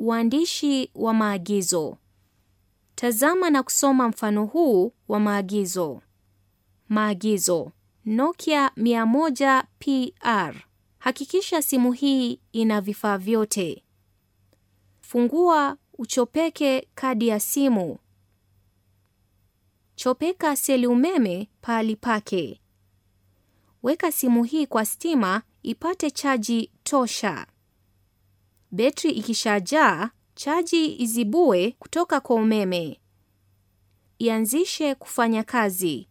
Uandishi wa maagizo. Tazama na kusoma mfano huu wa maagizo. Maagizo: Nokia 100 PR. Hakikisha simu hii ina vifaa vyote. Fungua uchopeke kadi ya simu. Chopeka seli umeme pahali pake. Weka simu hii kwa stima ipate chaji tosha. Betri ikishajaa, chaji izibue kutoka kwa umeme. Ianzishe kufanya kazi.